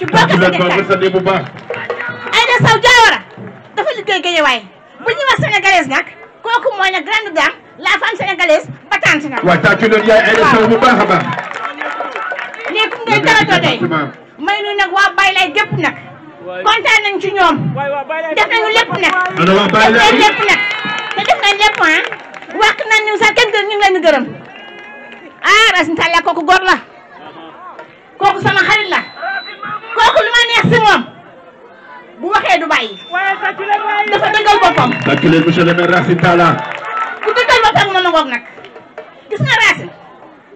ju bokk sa dégg bu baax. Aïda Sow Diawara dafa liggéey Guédiawaye bu ñu wax sénégalaise nag kooku mooy la grande dame la femme sénégalaise battante na. waaw tàccu leen yaay Aïda Sow bu baax a baax. léegi mu ngi dara dootee may nu nag waa Baye Laye gépp nag kontaan nañ ci ñoom def nañu lépp nag. ana waa Baye Laye def nañ lépp nag te def nañ lépp ah. wax nañu sax kenn gën ñu ngi leen di gërëm ah Racine Talla kooku góor la kooku sama xarit la. si moom bu waxee du dafa dëggal boppam. tàccu leen monsieur le maire Racine dëggal boppam mën na ngoog nag gis nga Racine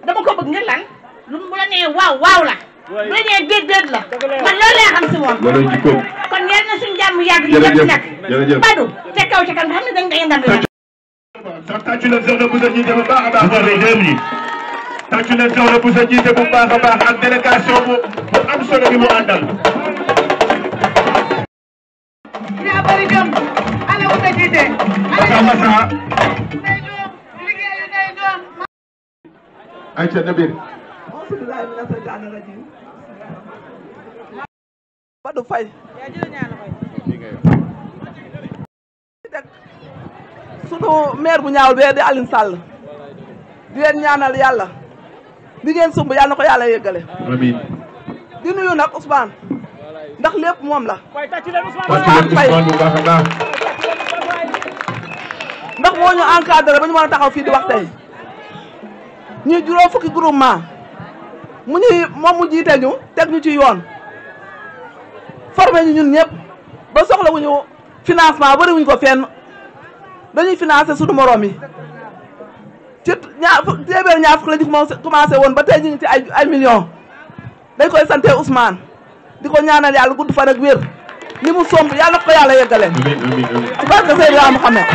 dama ko bëgg ngir lan lu la nee waaw waaw la. bu la nee déet la man loolu laa xam si moom. loolu jikkoom kon yal na suñu jàmm yàgg. jërëjëf jërëjëf te kaw ca kan nga xam ne dañ koy ndàmbe. sax baax a baax. bu baax deux a solo bi mu àndal. ayca Nabir. Badou Faye. sunu maire bu ñaawul bee di Alioune Sall. di leen ñaanal yàlla. di ngeen sumb yàlla ko yàlla yëggale. di nuyu nag Ousmane. ndax lépp moom la Ousmane Faye ndax moo ñu encadré ba ñu mën a taxaw fii di wax tey ñuy juróom fukki groupement mu ñuy moom mu jiite ñu teg ñu ci yoon formé ñu ñun ñëpp ba soxla wu ñu financement bëri wuñ ko fenn dañuy financé suñu morom yi ci ñaar téeméer ñaar fukk la ñu commencé woon ba tey ñu ci ay ay millions dañ koy sante Ousmane di ko ñaanal yàlla gudd fan ak wér li mu somb yàlla ko yàlla yeggaleen ci barke Seydina Muhammad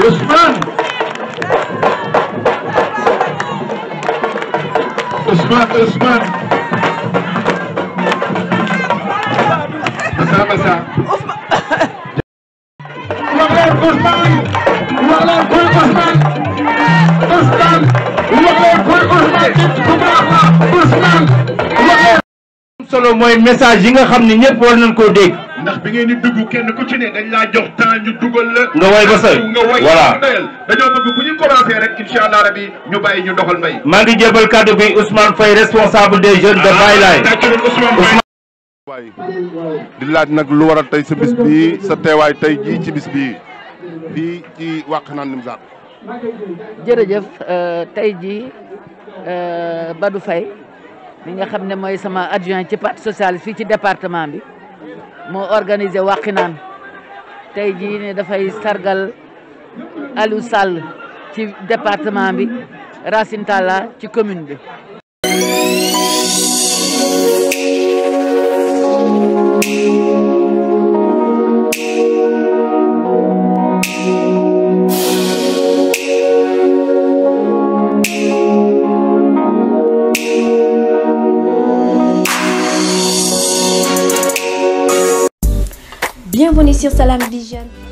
Ousmane Ousmane Ousmane Massa Massa Ousmane Ousmane loolu mooy message yi nga xam ne ñëpp war nañ koo dégg. ndax bi ngeen di dugg kenn ku ci ne dañ laa jox temps ñu dugal la. nga woy ba sëy voilà dañoo bëgg bu ñu commencé rek incha allah rabi ñu bàyyi ñu doxal mbay. maa ngi jébal kàddu bi Ousmane Faye responsable des jeunes de Baye Laye. Ah, Ousmane di laaj nag lu waral tey sa bis bii sa teewaay tey jii ci bis bi fii ci Wakhinane Nimzatt. jërëjëf euh, tey jii euh, Badou Faye. mi nga xam ne mooy sama adjoint ci parti social fii ci département bi moo organisé Wakhinane tey jii ne dafay sargal Aliou Sall ci département bi Racine ci commune bi Bienvenue sur di Vision.